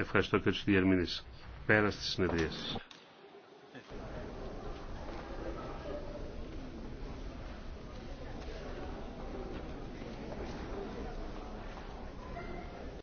Ευχαριστώ και τους διερμηνείς. Πέρα στις συνεδρίες.